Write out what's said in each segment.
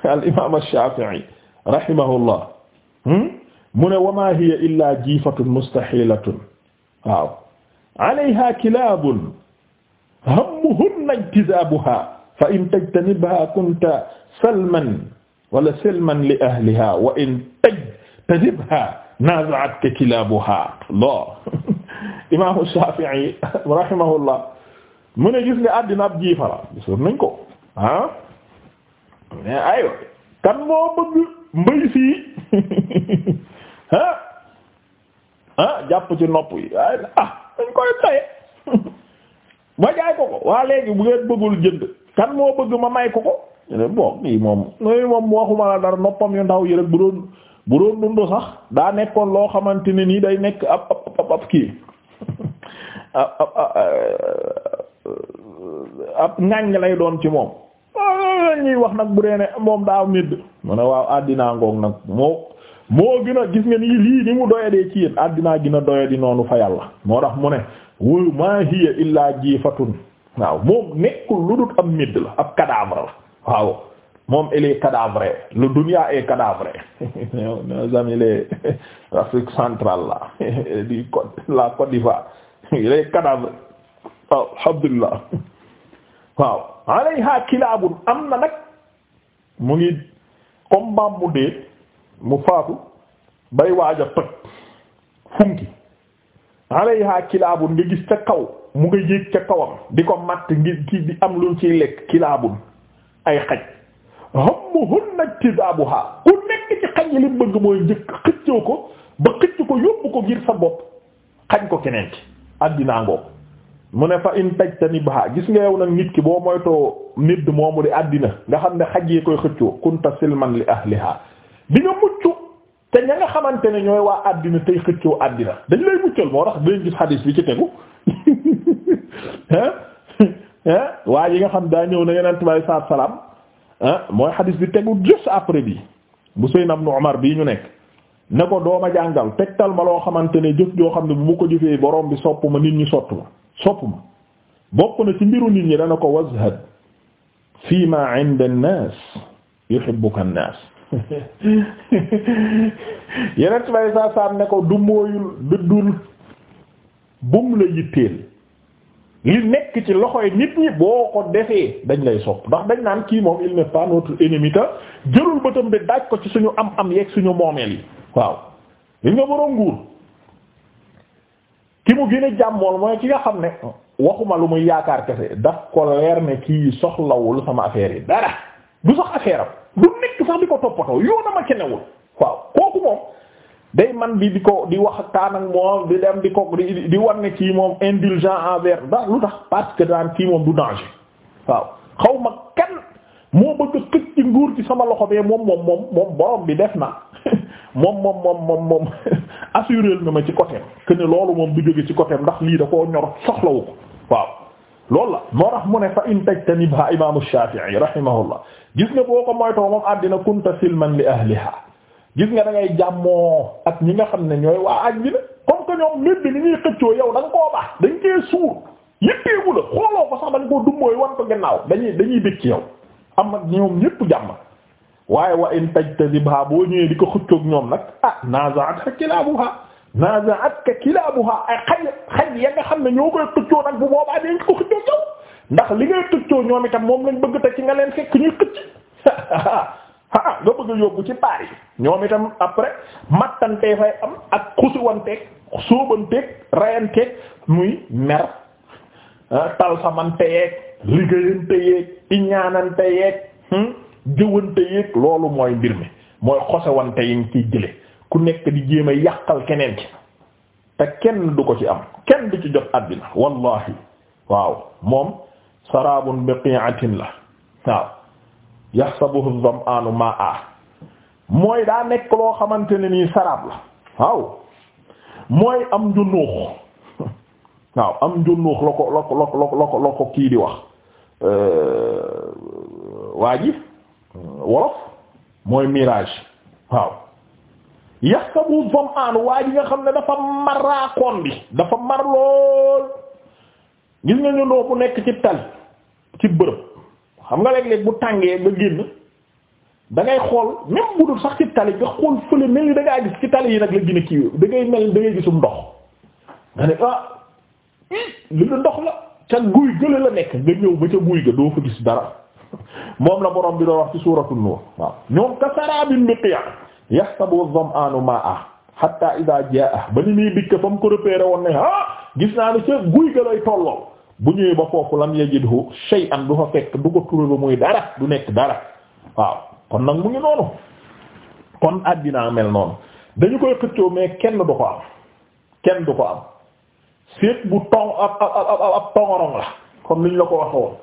al imaam ash-Shafi'i rahimahullah hmm? mu ne wa maa hiya illaa jiifatun mustahilatun waaw alayha kilaabun hammuhunna ijtizaabuha fa in tajtanibha kunta salman wala salman li ahliha wa in tajtanibha naaza'atka kilaabuha Allah imaamu Shaafi'i rahimahullah mu ne gis nga àddina ab jiifara gisoon nañ ko ah mais aywa kan moo bëgg mbay fii ah ah jàpp ci nopp yi ay ah dañ koy maye ma jaay ko waa léegi bu ngeen bëggul jënd kan moo bëgg ma may ko ko bon kii moom mooy moom waxuma la dara noppam yu ndaw yi rek bu doon bu doon dund sax daa nekkoon loo xamante ne nii day nekk ab ab ab kii ab ab ab ŋaññ lay doon ci moom. ñeneen ñuy wax nag bu dee ne moom daa medd mu ne waaw àddinaa ngoog nag moo moo gën a gis nga nii lii ni mu doyadee ci yéen àddinaa gën doyadi noonu fa yàlla moo tax mu ne wóyu maa hiya illaa jiifatun waaw moom nekkul lu dul am medd la ab cadavre la waaw moom il est cadavre dunia est cadavre nos amis les Afrique centrale là du Côte la Côte d'Ivoire il est cadavre alhamdulillah waaw alayha kilaabun am na nag mu ngi comme mbaam mu dee mu faatu bay waaj a toj funki alayha kilaabun nga gis ca kaw mu nga yéeg ca kawam di ko matt ngi ki di am lu ciy lekk kilaabun ay xaj hammuhunna ijtizaabuha ku nekk ci xaj yi li bëgg mooy njëkk xëccoo ko ba xëcc ko yóbbu ko ngir sa bopp xañ ko keneen ki addinaa ngoo mu ne fa in tajtanibha gis nga yow nag nit ki boo moytoo nit moomu di àddina nga xam ne xaj yi koy xëccoo kunta silman li ahliha bi nga mucc te ña nga xamante ne ñooy waa àddina tey xëccoo àddina dañ lay muccal moo tax dañ gis xadiis bi ci tegu hein hein waa yi nga xam daa ñëw na yeneen tubaab saa salaam hein mooy xadiis bi tegu juste après bi bu Seydina Ibnu Umar bii ñu nekk ne ko dooma jàngal tegtal ma loo xamante ne jëf joo xam ne bu mu ko jëfee borom bi sopp ma nit ñi sott ma sopp ma bokk na ci mbiru nit ñi dana ko wazhad fii ma inda an-nas yuhibbuka an ko du mooyul dëddul bum la yitteel li nekk ci loxoy nit dañ lay sopp ndax dañ naan kii moom jërul bëtam bi ko ci suñu am am yeeg suñu moomeel yi waaw li nga boroom nguur ki mu gën a mooy ki nga xam ne waxuma lu muy yaakaar kese daf ko leer ne kii soxlawul sama affaire yi dara du sax affaire am du nekk sax di ko toppatoo yoona ma kenewul waaw kooku moom day man bi di ko di wax taan ak moom di dem di ko di di war ne kii moom indulgent envers da lu tax parce daan kii moom du danger waaw xaw ma kan moo bëgg xëcc ci nguur ci sama loxo bee moom moom moom moom bi def na moom moom moom moom moom assuré nga ma ci côté que ne loolu moom du jóge ci côté ndax lii da koo ñor soxlawu ko waaw. loolu la moo tax mu ne fa in tajtanibha imaamu Shaafi'i rahimahullah gis nga boo ko moytoo moom àddina kunta silman li ahliha gis nga da ngay jàmmoo ak ñi nga xam ne ñooy waa àddina comme que ñoom mbir bi ni ñuy xëccoo yow da nga koo baax dañ koy suur yëppeeku la xooloo ko sax dañ koo dummóoy wan ko gannaaw dañuy dañuy bëgg ci yow am ak ñoom ñépp jàmm. waaye wa in tajtazibha boo ñëwee di ko xëccoog ñoom nag ah naaza'atka kilaabuha naaza'atka kilaabuha ay xaj ya nga xam ne ñoo koy xëccoo nag bu boobaa dañ ko xëccoo ñoom ndax li ngay ñoom itam moom lañ bëgg te ci nga leen fekk ñuy xëcc ah nga bëgg a yóbbu ci paar ñoom itam après mattantee fay am ak xusuwanteeg sóobanteeg rayanteeg muy mer ah, talsamanteyeeg liggéeyanteyeeg iñaananteyeeg hmm? jëwante yeeg loolu mooy mbir mi mooy xosewante yiñ ciy jële ku nekk di jéem a yàqal keneen ci te kenn du ko ci am kenn du ci jot àddina wallahi waaw moom sarabun biqi'atin la waaw yahsabuhu adh-dham'anu ma'a mooy daa nekk loo xamante ne nii sarab la waaw mooy am njunnóox waaw am njunnóox la ko la ko la ko kii di wax euh, waa ji wolof mooy mirage waaw yaxsabu dham'an waa ji nga xam ne dafa mar raakoon bi dafa mar lool gis nga ñu ndoo nekk ci tali ci xam nga léeg-léeg bu tàngee nga génn da ngay xool même bu dul sax ci yi nag la gën a da ngay mel ndox nga ah ca guy gële la nekk nga ñëw ba ca guy ga doo fa gis dara moom la borom bi doo wax ci suuratu nuur waaw ñoom ka saraabin biqi'a yahsabu adh-dham'anu ma'a hatta idha jaa'a ba ni muy dikk fa mu ko repéré woon ne ah gis naa ne ca guy ga lay tolloo bu ñëwee ba foofu la yajidhu shay'an du fa fekk du ko trouvé muy dara du nekk dara waaw kon nag mu ngi noonu kon àddina mel noonu dañu koy xëccoo mais kenn du ko am kenn du ko am séet bu tong ab ab ab ab tongorong la comme ni ñu la ko waxee woon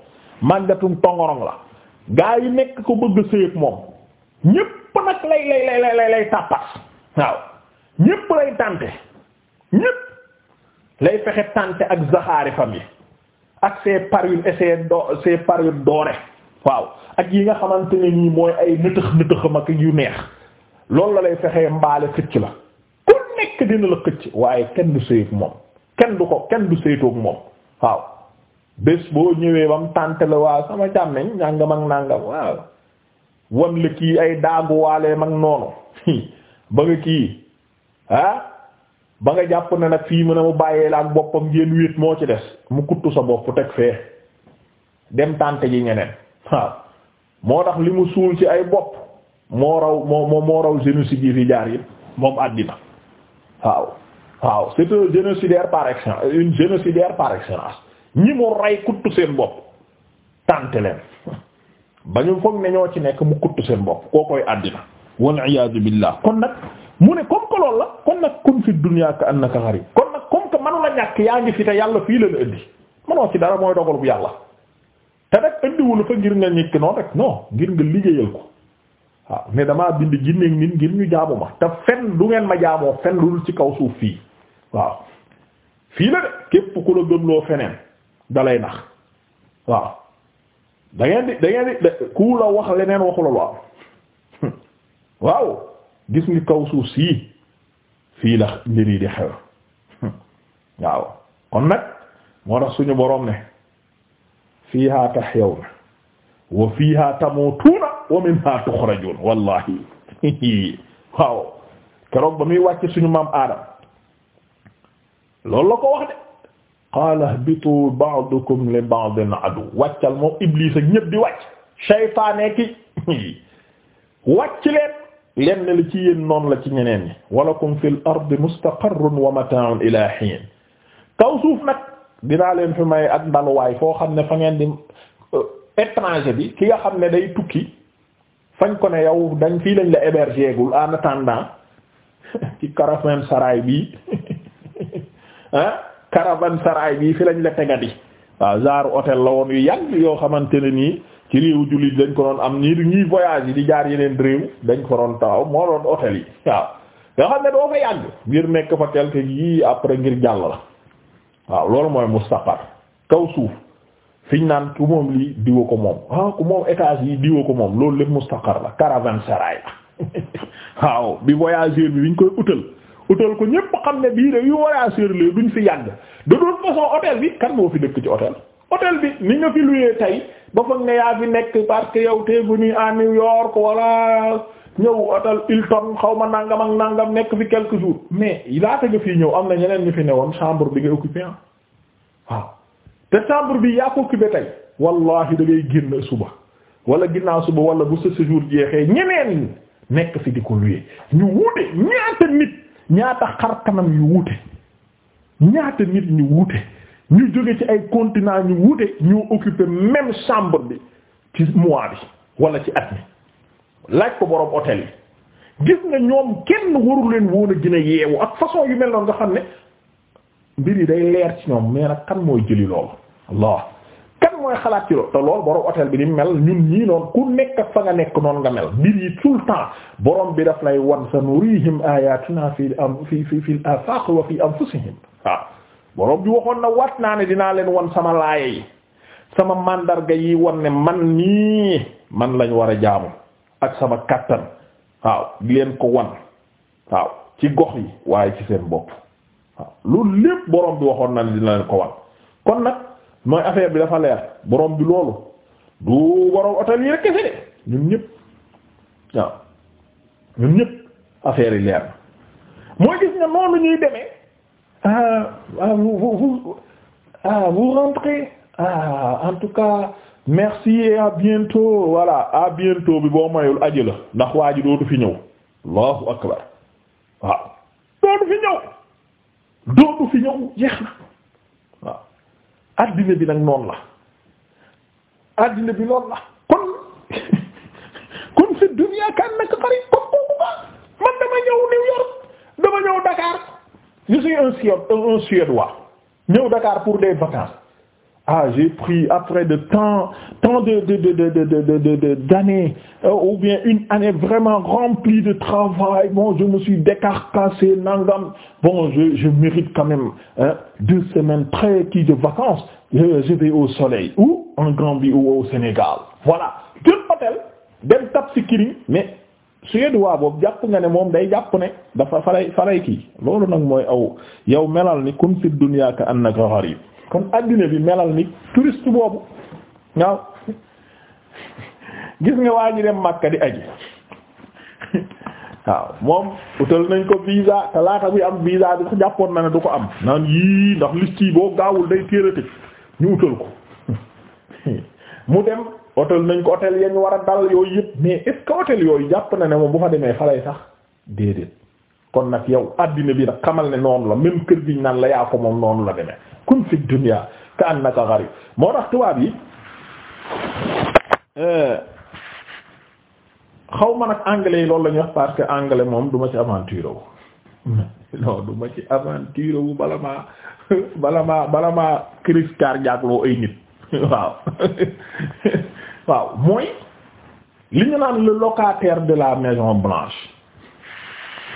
màggatum la gaa yi nekk ko bëgg a moom ñépp nag lay lay lay lay lay tàppas waaw ñépp lay tànte ñépp lay fexe tànte ak zaxaari fam yi ak ses parures et ses do ses parures dorées waaw ak yi nga xamante ne nii mooy ay nëtëx nëtëxam ak yu neex loolu la lay fexee mbaale xëcc la ku nekk dina la xëcc waaye kenn du sëyeeg moom kenn du ko kenn du sëytoog moom waaw bés boo ñëwee ba mu tànte la waa sama càmmeñ nàngam ak nàngam waaw wan la kii ay daaguwaale mag noonu ba nga kii ah ba nga jàpp na nag fii mu a mu bàyyee la ak boppam ngeen wéet moo ci des mu kuttu sa bopp teg fee dem tànte ji ñeneen waaw moo tax li mu suul ci ay bopp moo raw moo moo raw génocide yi fi jaar yëpp moom àddina waaw waaw c'est un génocidaire par excellence une génocidaire par excellence ñi mu rey kuttu seen bopp tànte leen ba ñu foog ne ñoo ci nekk mu kuttu seen bopp koo koy àddina wal iyaadu billah kon nag mu ne comme que loolu la kon nag kun fi dunya ka annaka gharib kon nag comme que manu la yaa ngi fi te yàlla fii la la indi manoo ci dara mooy dogal bu yàlla te nag indiwul fa ngir nga ñekk noonu rek non ngir nga liggéeyal ko waaw mais damaa bind jinneeg nit ngir ñu jaamu ma te fen du ngeen ma jaamoo fen lu dul ci kaw suuf fii waaw fii la de képp dalay nax waaw da ngeen di da ku la wax leneen waxu la waaw gis ngi kaw suuf sii fii la mbir yi di xew waaw kon nag moo tax suñu boroom ne fiiha tahyawna wa fiiha tamutuuna wa minha tuxrajuun wallahi waaw keroog ba muy wàcc suñu maam aadam loolu la ko wax de qaala ihbitu ba'dukum li ba'din adu wàccal moo Iblis ak ñëpp di wàcc saytaane ki wàcc leen leen ne ci yéen la ci ñeneen ñi walakum fil ardi mustaqarrun wa mataa'un ilaa hiin kaw suuf nag dinaa leen fi may ak ndaluwaay foo xam ne fa ngeen di euh, bi ki nga xam ne day tukki fañ ko ne yow dañ fii lañ la héberger gul en attendant ci caravane saraay bi ah caravansérail bi fi lañ la tegati waaw genre hôtel la woon yu yàgg yoo xamante ne nii ci réewu jullit dañ ko doon am ñii du ñuy voyage yi di jaar yeneen réew dañ ko doon taxaw moo doon hôtel yi waaw yoo xam ne doo fa yàgg ngir nekk fa quelque yii après ngir jàll la waaw loolu mooy mustaqar kaw suuf fiñ naan ku moom lii diwa ko moom ah ku moom étage yi diwa ko moom loolu lépp mustaqar la caravansérail la waaw bi voyageur bi biñ koy utal utal ko ñépp xam ne bii de yu voyageur la ñu fi yàgg de toute façon hôtel bi kan moo fi dëkk ci hôtel. hôtel bi ni nga fi luyee tey ba foog ne yaa bi nekk parce que yow t'es venu à New York wala ñëw hôtel Hilton xaw ma nangam ak nangam nekk fi quelques jours mais laata nga fii ñëw am na ñeneen ñu fi newoon chambre bi nga occupé ah waaw te chambre bi yaa ko occupé tey wallahi da ngay génn suba wala ginnaaw suba wala bu sa séjour jeexee ñeneen nekk fi di ñaata xar kanam yu wuute ñaata nit ñu wuute ñu jóge ci ay continent ñu wuute ñu occupé même chambre bi ci mois bi wala ci at mi laaj ko borom hôtel yi gis nga ñoom kenn waru leen woon a gën yeewu ak façon yu mel noonu nga xam ne mbir yi day leer ci ñoom mais nag kan mooy jëli loolu Allah kan mooy xalaat ci loolu te loolu bi ni mel ñun ñii noonu ku nekk fa nga nekk noonu nga mel mbir yi tout le temps borom bi daf lay wan sa nurihim ayatina fi am fi fii fii afaq wa fi anfusihim waaw borom bi waxoon na wat naa ne dinaa leen wan sama laaya yi sama màndarga yi wan ne man nii man lañ war a jaamu ak sama kattan waaw leen ko wan waaw ci gox yi waaye ci seen bopp waaw loolu lépp borom bi waxoon na ne dina leen ko wan kon nag. mooy affaire bi dafa leer borom bi loolu du borom hôtel yi rek kese de ñun ñëpp waaw ñun ñëpp affaire yi leer na mooy gis nga noonu ñuy demee ah ah vous vous ah vous rentrez ah en tout cas merci et à bientôt voilà à bientôt bi boo mayul aji la ndax waa ji dootu fi ñëw allahu akbar waaw dootu fi ñëw dootu fi ñëw jeex na. addina bi nag noonu la addina bi noonu la kon kon fi dunya ka'annaka qarib kon kooku ba man dama ñëw New York dama ñëw Dakar je suis un Suède un Suédois ñëw Dakar pour des vacances ah j'ai pris après de tant tant de de d'années euh, ou bien une année vraiment remplie de travail bon je me suis décarcassé nangam bon je je mérite quand même deux semaines très qui de vacances je, au soleil ou en Gambie ou au Sénégal voilà jël hôtel dem tap mais suédois boobu jàpp nga ne moom day jàpp ne dafa faray faray kii loolu mooy aw yow melal ni kun fi dunya ka annaka gharib kon addina bi melal ni touriste boobu waaw gis nga waa ji dem Makka di aji waaw moom utal nañ ko visa te laata am visa bi sax jàppoon na ne du ko am naan yii ndax liste yi boo gaawul day téer ñu utal ko mu dem utal nañ ko hôtel yañ war a dal yooyu yëpp mais est-ce que yooyu jàpp na ne moom bu ma demee falay sax déedéet kon nag yow addina bi nag xamal ne noonu la même kër gi ñu naan la yaa ko moom noonu la demee kun fi dunya ka annaka gharib moo tax tubaab yi euh, xaw ma nag anglais yi loolu la wax parce que anglais moom duma ci aventure wu non du ma ci aventure bala maa bala maa bala maa crise loo ay nit waaw waaw mooy li ñu naan le locataire de la maison blanche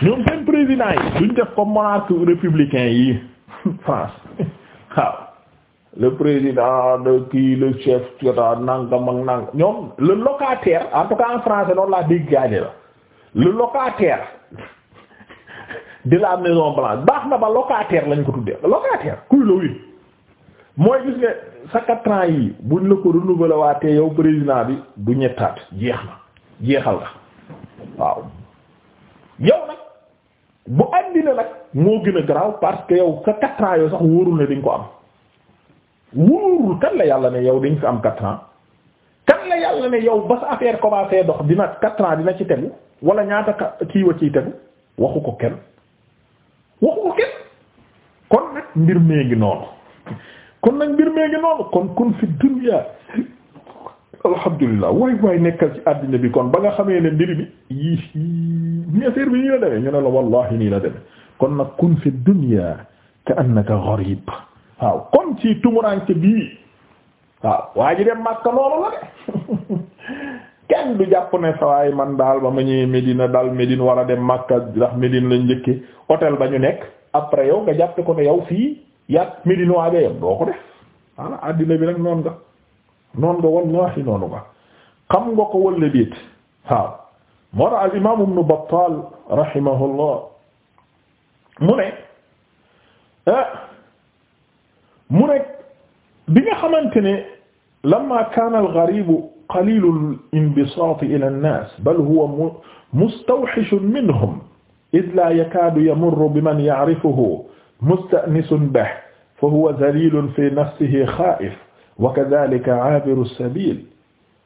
ñoom seen président yi duñ def comme monarque républicain yi France waaw le président de kii le chef cota nangam ak nangam ñoom le locataire en tout cas en français noonu laa dégg gaañe la le locataire de la maison blanche baax na ba locataire lañ ko tuddee locataire kuy la win mooy gis nga sa quatre ans yi buñ la ko renouveler waatee yow président bi du ñettaat jeex na jeexal nga waaw yow nag bu àddina nag moo gën a garaaw parce que yow sa quatre ans yoo sax wóorul ne diñ ko am wóorul kan la yàlla ne yow dañ fi am quatre ans kan la yàlla ne yow ba sa affaire commencé dox dina quatre dina ci tegu wala ñaata kii wa tegu waxu ko kenn waxu ko kenn kon nag mbir mee ngi noonu kon nag mbir mee ngi noonu kon kon fi dunya alhamdulilah waay waay nekkal ci àddina bi kon ba nga xamee ne mbir bi yii ñi affaire bi nii la demee ñu ne la wallahi nii la demee kon nag kun fi dunya ka annaka gharib waaw kon ci tumuranke bii waaw waa ji dem Makka loolu la de kenn du jàpp ne sawaay man daal ba ma ñëwee Médina daal Médine war a dem Makka ndax Médine lañ njëkke hôtel ba ñu nekk après yow nga jàppe ko ne yow fii yàgg Médine waa ga yam doo ko def voilà àddina bi nag noonu nga noon nga wallaahi noonu nga xam nga ko walla déet waaw moo tax al imaam ibnu Battaal rahimahullah mu ne ah, mu ne bi nga xamante ne lamma kaana al gariibu qaliilul inbisaati ilaa an-naas bal huwa mustawhishun minhum id laa yakaadu yamurru biman ya'rifuhu musta'nisun bihi fa huwa zaliilun fii nafsihi xaa'if wa kadhalika abiru as-sabil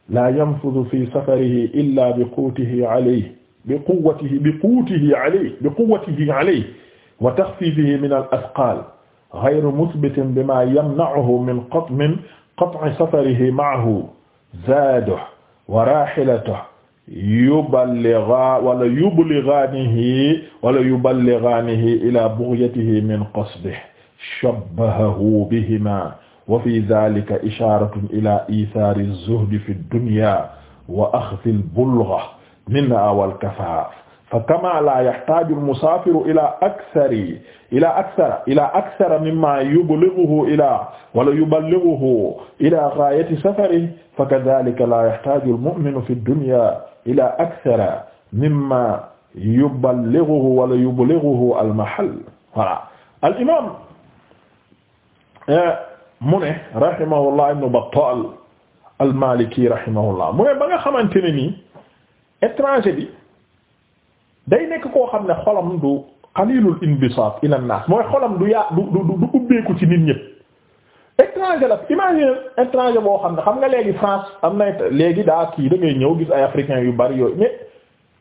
la yanfudhu fi safarihi illa bi quwwatihi alayhi bi quwwatihi bi quwwatihi alayhi bi quwwatihi alayhi wa takhfifihi min al-athqal ghayru muthbitin bima yamna'uhu min qat' min qat'i safarihi ma'ahu zaaduhu wa raahilatuhu yuballigha wala yublighanihi wala yuballighaanihi ila bughyatihi min qasdihi shabbahahu bihima wa fi dhalika isharatun ila ithari az-zuhdi fi ad-dunya wa akhdhi al-bulgha minha wal kafaaf fa kama la yahtaju al-musafiru ila akthari ila akthara ila akthara mimma yublighuhu ila wala yuballighuhu ila ghayati safarihi fa kadhalika la yahtaju al-mu'minu fi ad-dunya ila akthara mimma yuballighuhu wala yublighuhu al-mahall voilà al-imam eh, mu ne rahimahullah ibnu Battal al-Maliki rahimahullah mu ne ba nga xamante ne nii étranger bi day nekk koo xam ne xolam du qalilul inbisaat ila an-nas mooy xolam du yaa du du du ubbeeku ci nit ñëpp étranger la imagine étranger boo xam ne xam nga léegi France am nay léegi daa kii da ñëw gis ay africains yu bari yooyu mais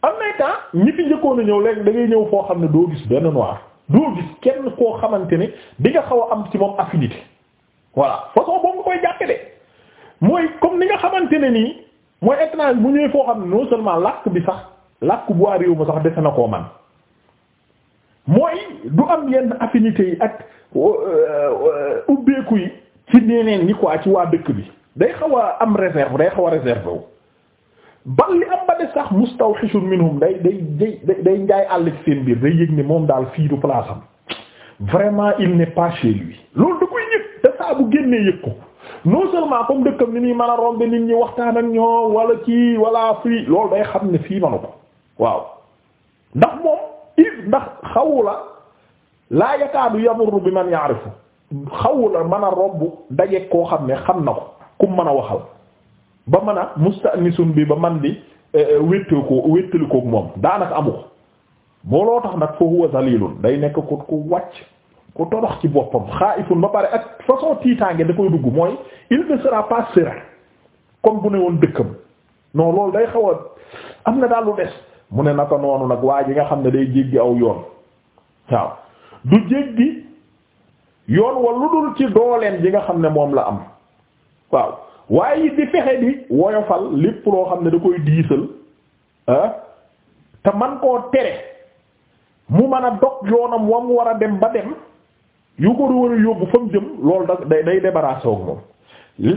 am nay temps ah ñëw léegi da ngay ñëw foo xam ne doo gis benn noir doo gis kenn koo xamante ni di nga xaw a am ci moom affinité voilà façon boobu nga koy jàppe de mooy comme ni nga xamante ne nii mooy étranger mu ñëwee foo xam ne non seulement làkk bi sax làkk bu waa réew ma sax dese na koo man mooy du am yenn affinités yi ak euh, ubbeeku yi ci neneen ñi quoi ci waa dëkk bi day xaw a am réserve day xaw a réserve wu bal li am ba des sax mustawhishun minhum day day day day njaay àll ci seen biir day yëg ne moom daal fii du place am vraiment il n'est pas chez lui loolu da koy yëg saa bu génnee yëg ko non seulement comme dëkkam ni muy mën a rombe nit ñi waxtaan ak ñoom wala kii wala fii loolu day xam ne fii manu ko waaw ndax moom il ndax xawula laa yakaadu bi man ya'rifu xawula mën a romb daje koo xam ne xam na ko ku mën a waxal ba mën a musta'nisun bi ba man di eh, eh, wéttali ko wéttali koog moom daanaka amu ko moo loo tax nag fa huwa zalilun day nekk ko ku wàcc. ku torox ci boppam xaaifun ba pare ak façon tiitaange da koy dugg mooy il ne sera pas serein comme bu ne woon dëkkam non loolu day xaw am na daal lu des mu ne naka noonu nag waa ji nga xam ne day jéggi aw yoon waaw du jéggi yoon wa lu dul ci dooleen ji nga xam ne moom la am waaw waaye di fexe di woyofal lépp loo xam ne da koy diisal ah, te man koo tere mu mën a dog yoonam wa mu war a dem ba dem yu ko war a yóbbu fa mu jëm loolu da day day débarrassé ak moom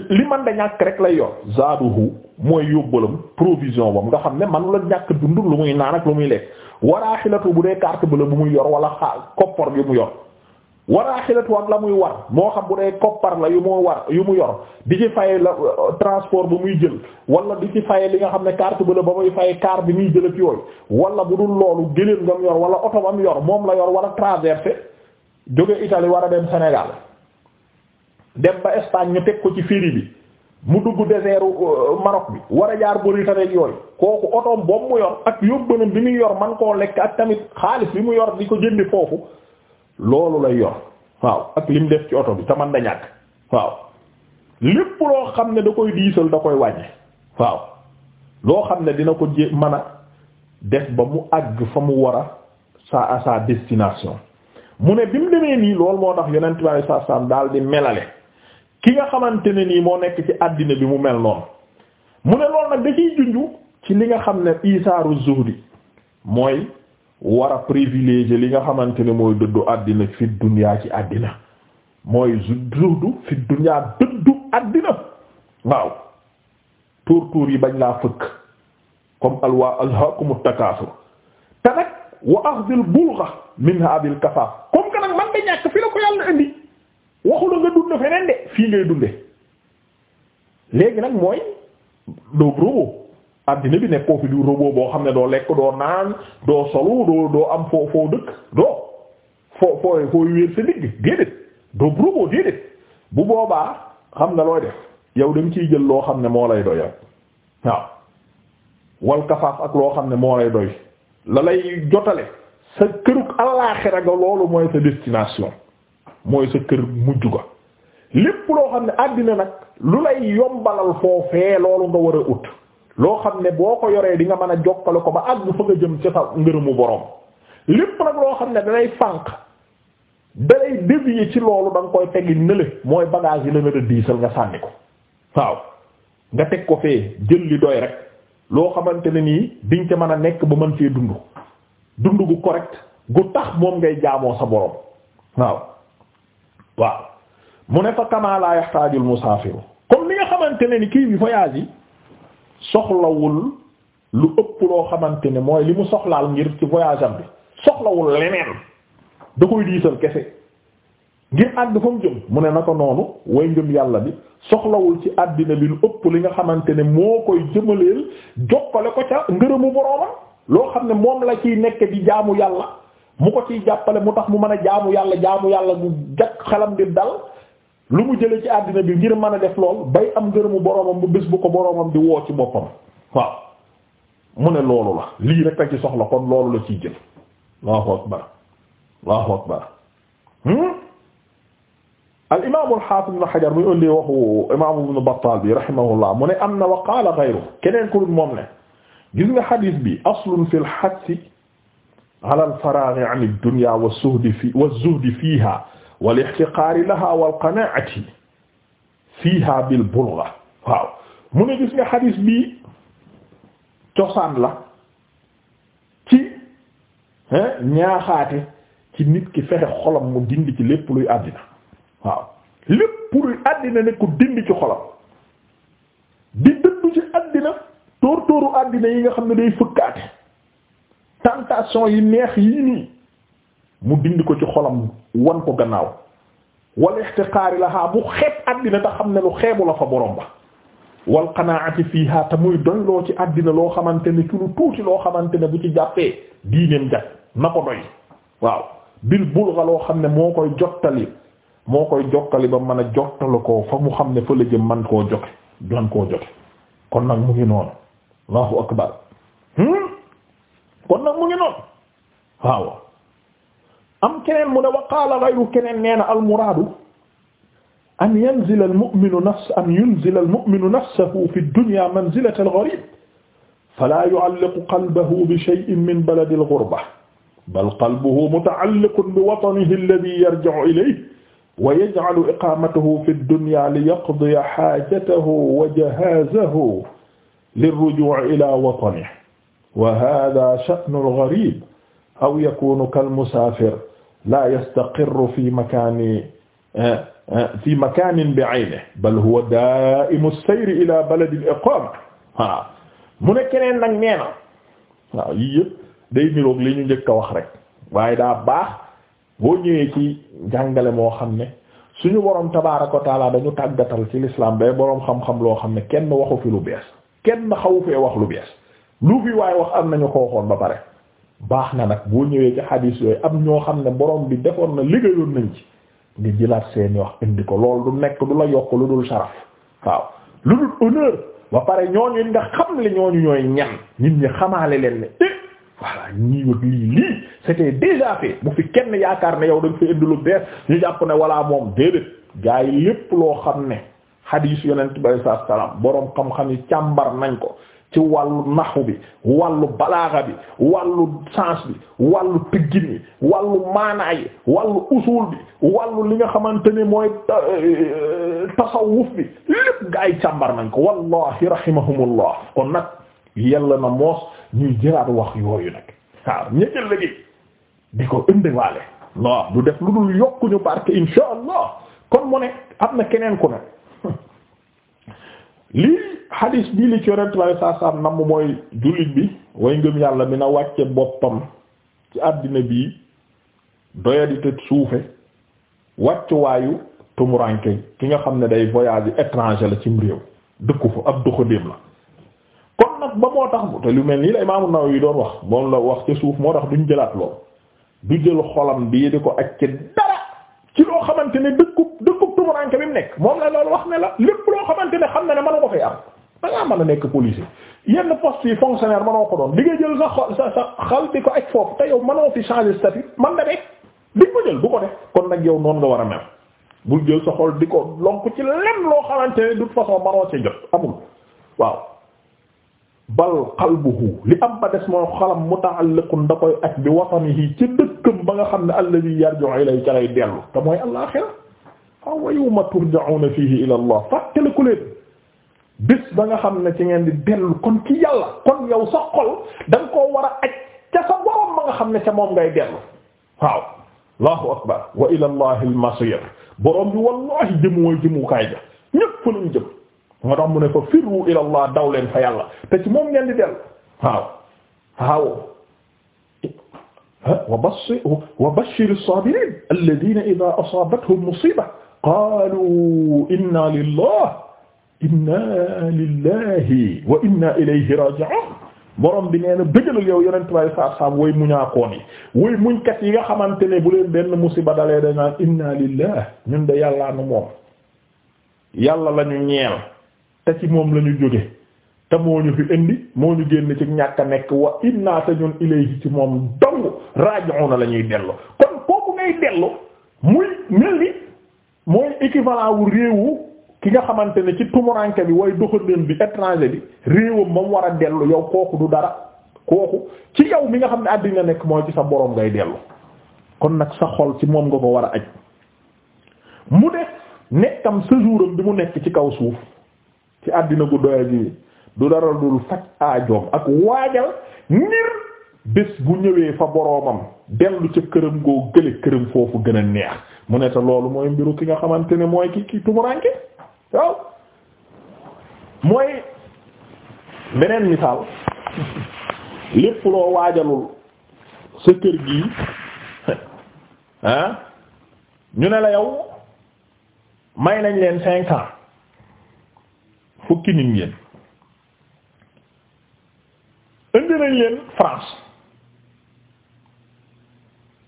li man da ñàkk rek lay yor zaaduhu mooy yóbbalam provision bam nga xam ne man la ñàkk dund lu muy naan ak lu muy lekk waraaxilatu bu dee carte la bu muy yor wala xaa koppar bi mu yor waraaxilatu ak la muy war moo xam bu dee koppar la yu war yu mu yor di ci faye la euh, transport bu muy jël wala di ci faye li nga xam ne carte bleue ba muy faye car bi muy jël ak yooyu wala bu dul loolu gëléem nga mu yor wala oto ba mu yor moom la yor wala traversé jóge itali war a dem Sénégal dem ba Espagne ñu teg ko ci ferry bi mu dugg désertu euh, Maroc bi war a jaar Mauritanie yooyu kooku otoom boobu mu yor ak yóbbanam bi muy yor man koo lekk ak tamit xaalis bi mu yor di ko jëndi foofu loolu lay yor waaw ak li mu def ci oto bi te man da ñàkk waaw lépp loo xam ne da koy diisal da koy wàññi waaw loo xam ne dina ko jé mën a def ba mu àgg fa mu war a sa à sa destination mu ne bi mu demee nii loolu moo tax yonent bi alayhi daal di melale ki nga xamante ne nii moo nekk ci àddina bi mu mel noonu mu ne loolu nag da ciy junju ci li nga xam ne isaaru zuhdi mooy war a privilégier li nga xamante ne mooy dëddu àddina fi dunyaa ci àddina mooy zuhdu fi dunyaa dëddu àddina waaw tuur tuur yi bañ laa fëkk comme alhaakumu takaasur te nag wa axdil bulgha minha bil kafaaf comme que nag man da ñàkk fi la ko yàlla indi waxula nga dund feneen de fii ngay dunde léegi nag mooy doo robot àddina bi nekkoo fi du robot boo xam ne doo lekk doo naan doo solu doo doo am foo foo dëkk doo foo foo foo sa ndigg déedéet doo robot déedéet bu boobaa xam nga looy def yow dañ ciy jël loo xam ne moo lay doy rek waaw wal kafaaf ak loo xam ne moo lay doy la lay jotale sa kërug allaaxira ga loolu mooy sa destination mooy sa kër mujj ga lépp loo xam ne àddina nag lu lay yombalal foofee loolu nga war a ut loo xam ne boo ko yoree di nga mën a jokkale ko ba àgg fa nga jëm ci sa mu borom lépp nag loo xam ne dalay fànq dalay dévier ci loolu da nga koy teggi nële mooy bagage yi la nga diisal nga sànni ko waaw nga teg ko fee jël li doy rek loo xamante ne nii diñ ca mën a nekk ba mën cee dund dund gu correct gu tax moom ngay jaamoo sa borom waaw waaw mu ne fa kamaa laa yaxtaajul musaafiru comme ni nga xamante ni kii bi voyage yi soxlawul lu ëpp loo xamante ni mooy li mu soxlaal ngir ci voyage am bi soxlawul leneen da koy diisal kese ngir àgg fa mu jëm mu ne na ko noonu way ngëm yàlla bi soxlawul ci àddina bi lu ëpp li nga xamante ne moo koy jëmaleel jokkale ko ca ngërëmu boroomam loo xam ne moom la ciy nekk di jaamu yàlla mu ko ciy jàppale mu tax mu mën a jaamu yàlla jaamu yàlla gu jakk xelam di dal lu mu jële ci àddina bi ngir mën a def lool bay am ngërëmu boroomam bu bés bu ko boroomam di woo ci boppam waaw mu ne loolu la lii rek la ci soxla kon loolu la ciy jël allahu akbar allahu hmm? al imaam al haafiz ibn Hajar muy ëndee waxu imaam ibn Battaal bi rahimahullah mu ne am na wa qaala ghayru keneen ku dul moom ne gis nga hadith bi aslun fil hadsi ala al faraaghi an ad-dunya wa zuhdi fi wa zuhdi fiiha wal ihtiqaari laha wal qanaa'ati fiiha bil bulgha waaw mu ne gis nga hadith bi cosaan la ci ñaaxaate ci nit ki fexe xolam mu dindi ci lépp luy àddina waaw lépp pour àddina ne ko dindi ci xolam di dëddu ci àddina tóor tóoru àddina yi nga xam ne day fëkkaate tentation yi neex yii nii mu dindi ko ci xolam wan ko gannaaw wal ixtiqaari lahaa bu xeeb àddina te xam ne lu xeebu la fa borom ba wal qanaati fiiha te muy doy ci àddina loo xamante ne ci lu tuuti loo xamante ne bu ci jàppee diineem jag na ko doy waaw bil bulgha loo xam ne moo koy jottali moo koy jokkali ba mën a jottala koo fa mu xam ne fa la jëm man koo jote doon koo jote kon nag mu ngi noonu allahu akbar hmm? kon nag mu ngi noonu waaw am keneen mu ne wa qaala ghayru keneen nee na almuraadu an yanzila almu'minu nafs an yunzila almu'minu nafsahu fi dunya manzilata algharib fala yu'alliqu qalbahu bi shay'in min baladi alghurba bal qalbuhu muta'alliqun bi watanihi alladhi yarji'u ilayhi wa yaj'alu iqaamatahu fi dunya li yaqdiya haajatahu wa jahaazahu lirrujuu'i ilaa watanihi wa haadhaa sha'nul ghariib aw yakuunu kal musaafir laa yastaqirru fi makaani eh, eh, fi makaanin bi'aynihi bal huwa daa'imu sayri ilaa baladi al-iqaama waaw mu ne keneen nag nee na waaw yii yëpp day niroog li ñu njëkk a wax rek waaye daa baax. boo ñëwee ci jàngale moo xam ne suñu borom tabaaraka wa taala dañu tàggatal ci l'islam day boroom xam-xam loo xam ne kenn waxu fi lu bees kenn xawu fee wax lu bees lu fi waaye wax am nañu ko waxoon ba pare baax na nag boo ñëwee ci xadiis yooyu am ñoo xam ne boroom bi defoon na liggéeyoon nañ ci nga jëlaat seeni wax indi ko loolu du nekk du la yokk lu dul saraf waaw lu dul honneur ba pare ñooñu nga xam le ñooñu ñooy ñan nit ñi xamaale leen ne eh, voilà ñii wag lii lii c'était déjà fait bu fi kenn yaakaar na yow da nga fi indi lu bees ñu jàpp na walaa moom déedéet gaa yi lépp loo xam ne xadiis yonent bi sallallahu alayhi boroom xam-xam yi càmbar nañ ko ci wàllu naxu bi wàllu balaaxa bi wàllu sens bi wàllu tëggin bi wàllu maanaa yi wàllu usul bi wàllu li nga xamante ne mooy euh, tasawuf bi lépp gaa yi càmbar nañ ko wallahi rahimahumullah kon nag yella na moos ñuy jëlaat wax yooyu nag waaw ñetteel liggéey di ko indiwaale waaw du def lu dul yokkuñu barke insha kon mu ne am na keneen ku ne lii hadis bii li ci yonent bi sallallahu alayhi mooy jullit bi way ngëm yàlla bi na wàcce boppam ci àddina bii doyadi te suufe wàcc waayu tumuranke ki nga xam ne day voyage étranger la cim réew dëkku fa ab doxandéem la ba moo tax te lu mel nii la Imaam An-Nawawi doon wax moom la wax ca suuf moo tax duñ jëlaat lool du jël xolam bii di ko acc dara ci loo xamante ne dëkkub dëkkub tumuranke bi mu nekk moom la loolu wax ne la lépp loo xamante ne xam na ne mënu ko fay am da ngaa mën a nekk policier yenn poste yi fonctionnaire mënoo ko doon di nga jël sa xol sa sa di ko acc foofu te yow mënoo fi changer statut man na nekk di ko jël du ko def kon nag yow noonu nga war a mel bul jël sa xol di ko lonk ci lenn loo xamante ne de toute façon mënoo ci jot bal qalbuhu li am ba des mooy xalam muta'alliqun da koy ak bi watanihi ci dëkkam ba nga xam ne alladhi yarji'u ilay ay lay dellu te mooy alaaxira wa yawma turja'una fihi ila allah fàttaliku leen bis ba nga xam ne ci ngeen di dellu kon ci yàlla kon yow sa xol da koo war xam ne ca moom ngay dellu waaw allahu akbar wa ila allah al bi wallahi jëm mooy jëmukaay moo tax mu ne fa firru ila allah daw leen fa yàlla te ci moom ngeen di del waaw waaw wa bashir wa bashir as-sabirin alladhina idha asabathum musiba qalu inna lillah inna lillahi wa inna ilayhi raji'un borom bi nee na bëggalal yow yonent bay saab-saab way muñaakoon yi way muñkat yi nga xamante ne bu leen benn musiba dalee danaan inna lillah ñun de yàllaa nu moom yàlla lañu ñeel te ci moom la ñu jóge te moo ñu fi indi moo ñu génn ci ñàkk a nekk wa inna te ñun ilayhi ci moom dong raji'una la ñuy dellu kon kooku ngay dellu muy mel ni mooy équivalent wu réewu ki nga xamante ne ci tumuranke bi way doxandéem bi étranger bi réewam moom war a dellu yow kooku du dara kooku ci yow mi nga xam ne àddina nekk mooy ci sa boroom ngay dellu kon nag sa xol ci moom nga ko war a aj mu def nekkam séjouram bi mu nekk ci kaw suuf ci àddina gu doya ji du dara dul faj aajoom ak waajal ngir bés bu ñëwee fa boroomam dellu ca këram goo gële këram foofu gën a neex mu ne te loolu mooy mbiru ki nga xamante ne mooy ki ki tumuranke waaw mooy beneen misaal lépp loo waajalul sa kër gi ah ñu ne la yow may nañ leen cinq ans fukki nit ngeen indi nañ leen France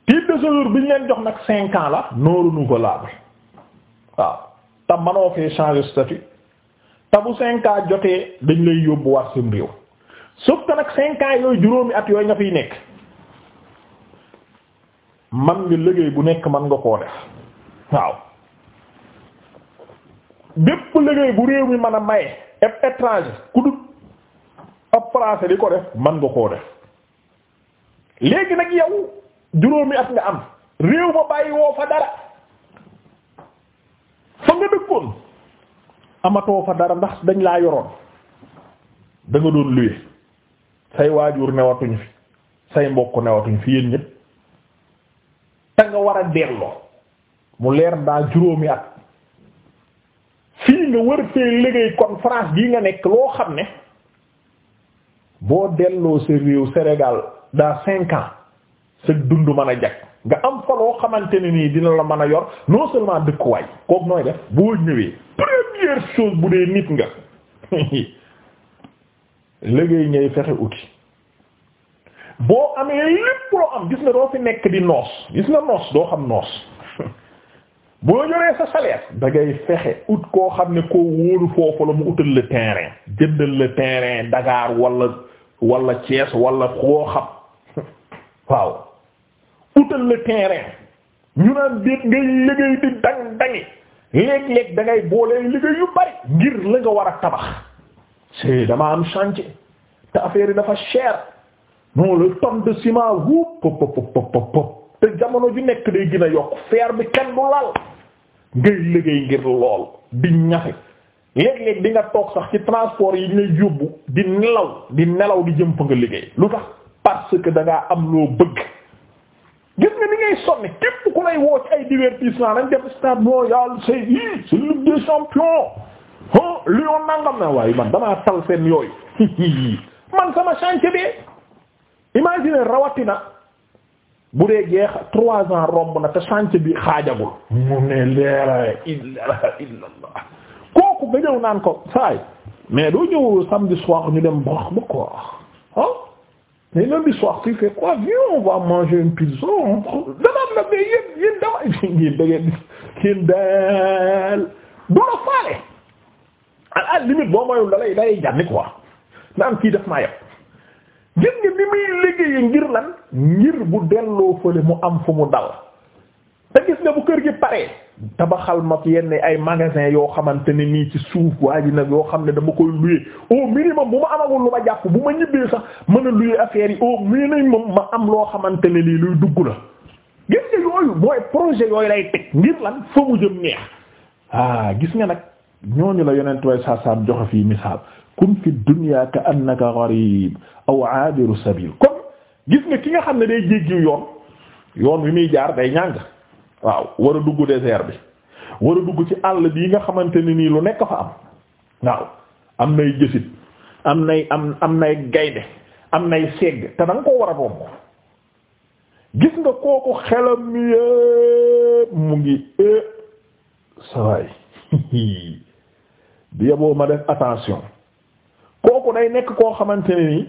titre de séjour bi leen jox nag cinq ans la ko renouvelable waaw te manoo fee changer statut te bu jotee dañ lay yóbbuwaat seen réew sauf que nag cinq yooyu juróomi at yooyu nga fiy nekk man nga liggéey bu nekk man nga koo def waaw bépp liggéey bu réew mi mën a maye ab étranger ku dut ab français ko def man nga koo def léegi nag yow juróomi at nga am réew ma bàyyi woo fa dara fa nga dëkkoon amatoo fa dara ndax dañ laa yoroon danga nga doon luye say waajur newatuñ fi say mbokk newatuñ fi yéen ñëpp nga war a delloo mu leer daa juróomi at nga wër fee liggéey kon France nga nekk loo xam ne boo delloo sa réew Sénégal dans cinq ans sa dund mën a jag nga am fa loo xamante ne nii dina la mën a yor non seulement dëkkuwaay kooku nooy def boo ñëwee première chose bu dee nit nga liggéey ngay fexe uti boo amee lépp loo am gis nga doo fi nekk di noos gis nga noos doo xam noos boo yoree sa salaire da fexe ut koo xam ne koo wóolu foofu la mu utal le terrain jëndal le terrain Dakar walla walla Thiès walla koo xam waaw utal le terrain ñu naan déet ngay liggéey di dang dangi léeg-léeg da ngay boolee liggéey yu bari ngir la nga war a tabax c'est dama am chantier te affaire dafa cher non le tonne de ciment wu te jamono ju nekk day gën yokk feer bi kenn du lal ngay liggéey ngir lool di ñafe léeg-léeg di nga toog sax ci transport yi ñu yóbbu di nelaw di nelaw di jëm fa nga liggéey lu tax parce que dangaa am loo bëgg gis nga ni ngay sonni képp ku lay woo ci ay divertissement nañ def stade no yàlla say i c'est Ligue des champions oh Lyon nangam na waaye man damaa tal seen yooyu man sama chantier bi imagine rawatina bu dee gee trois ans romb na te sànc bi xaajagul mu ne leera illa illallah kooku nga ñëw naan ko saay mais doo ñëw samedi soir ñu dem bax ba quoi ah mais lundi soir tu fais quoi viens on va manger une pizza damaam na mais yéen yéen dama ngeen da ngeen ngeen daal du faale à la limite boo moyul da lay day jànni quoi naan kii def maa gis nga ni muy liggéeyee ngir lan ngir bu delloo fële mu am fu mu dal te gis nga bu kër gi paree tabaxal ma fi yenn ay magasin yoo xamante ne nii ci suuf waa ji nag yoo xam ne dama koy luye au minimum bu ma amagul lu ma jàpp ma am loo xamante ne nii luy dugg la gis nga yooyu mooy projet yooyu lay teg ngir lan fa mu jëm neex ah gis nga nag ñooñu la yonent saa saam joxe fii misaal kun fi dunya ka annaka gharib aw abiru sabil kon gis nga ki nga xam ne day jéggiw yoon yoon wi muy jaar day ñàng waaw war a dugg désert bi war a dugg ci àll bi nga xamante ni nii lu nekk fa am waaw am nay jësit am nay am am nay gaynde am nay segg te da nga war a romb gis nga kooku xelam yépp mu ngi e eh, sawaay bi yeboo ma def attention kooku day nekk koo xamante ne nii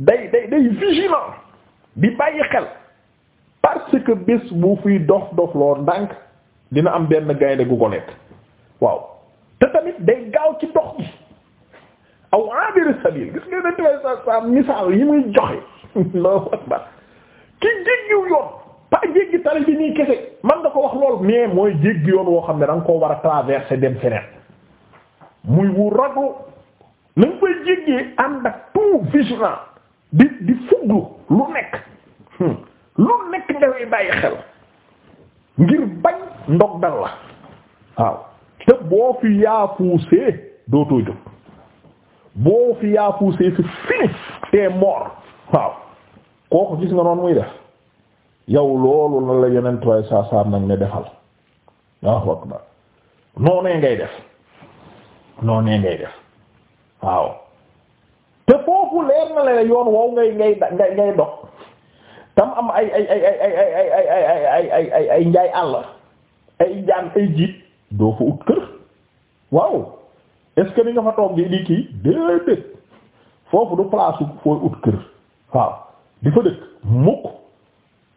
day day day vigilant di bàyyi xel parce que bés bu fiy dox dox loo ndànk dina am benn gaynde gu ko waaw te tamit day gaaw ci dox bi aw abir sabil gis nga dentiway sa sa misaal yi muy joxe Allahu akbar ki jéggiw yoon pas jéggi tali bi nii kese man nga ko wax loolu mais mooy jéggi yoon woo xam ne da nga koo war a traverser dem feneen muy wu raglu na nga koy ànd ak tout vigilant di di fuglu lu nekk hmm. lu nekk nga koy bàyyi xel ngir bañ ndog la waaw te boo fi yaafuusee dootoo jóg boo fi yaafuusee c'est fini t'es mort waaw kooku gis nga noonu muy def yow loolu la la yeneen trois saa saa nag ne defal waaw wax noonee ngay def noonee ngay def waaw te foofu leer na la yoon wow ngay ngay ngay ngay dox tam am ay ay ay ay ay ay ay ay ay ay ay njaay àll ay jaan ay jiit doo fa ut kër waaw est-ce nga fa toog di di kii déedéet foofu du place fooy ut kër waaw di fa dëkk mukk